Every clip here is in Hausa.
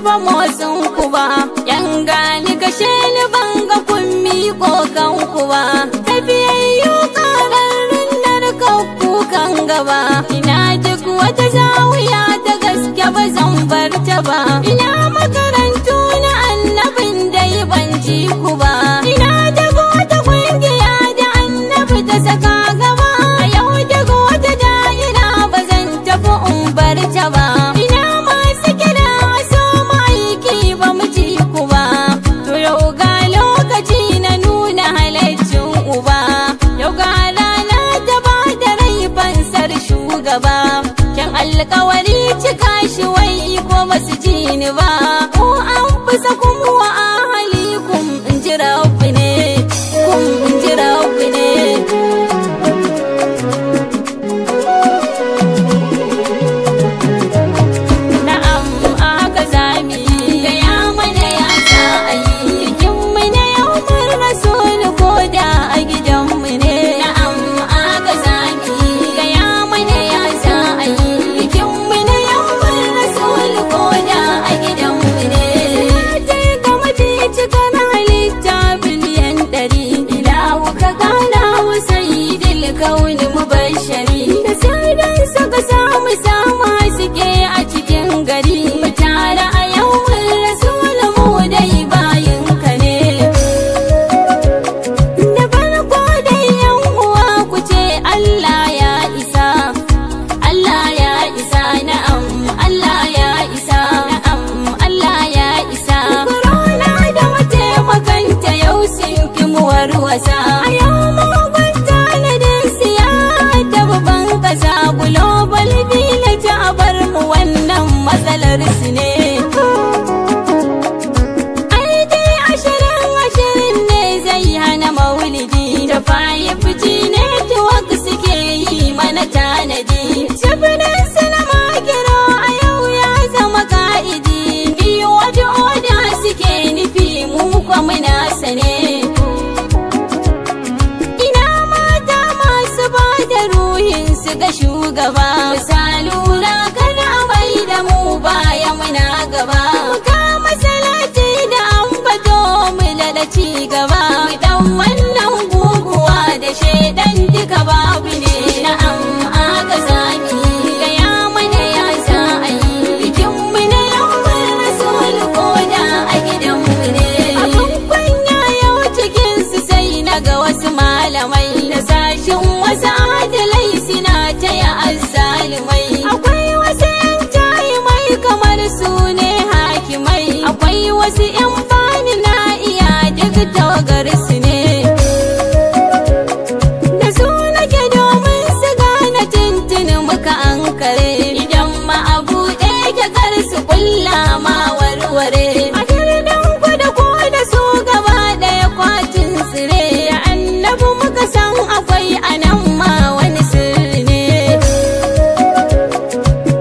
ba motsin ku ba yan gani kashe ni ban ga kun miƙo kanku ba tafiyayyu ƙararrun narkakku kan gaba ina duk wata zawiya ta gaske ba zan bar ta ba ina makarantu na annabin dai ban ji ku gaba kyan alkawari cika shi wai ko masu ji ni ba ko an fi sakun wasa ci gaba mu dau wannan guguwa da shaidan duka babu ne na'am aka sami gaya mana ya za a yi bikin mu na lambar rasul koda a gidan mu ne abin kunya yau cikin sai na wasu malamai da sashin wasu adalai suna taya azzalumai akwai wasu yan mai kamar sune hakimai akwai wasu yan ka san akwai anan ma wani sirri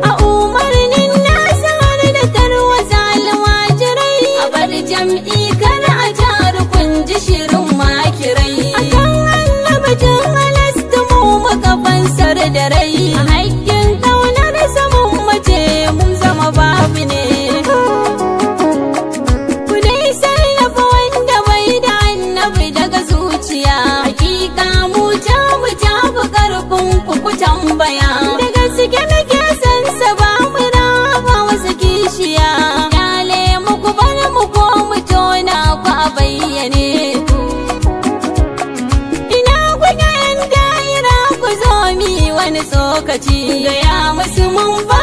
a umarnin na sanar da tarwata almajirai a bar jam'i kar a taru kun ji shirin makirai akan annabatin halastu mu muka fansar da rai tambaya da gaske muke san ba raba wasu kishiya kale muku bar mu ko mu tona ku a bayyane ina ku ga yan daira ku zo mi wani tsokaci gaya musu mun ba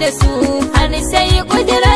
da su har sai kudirar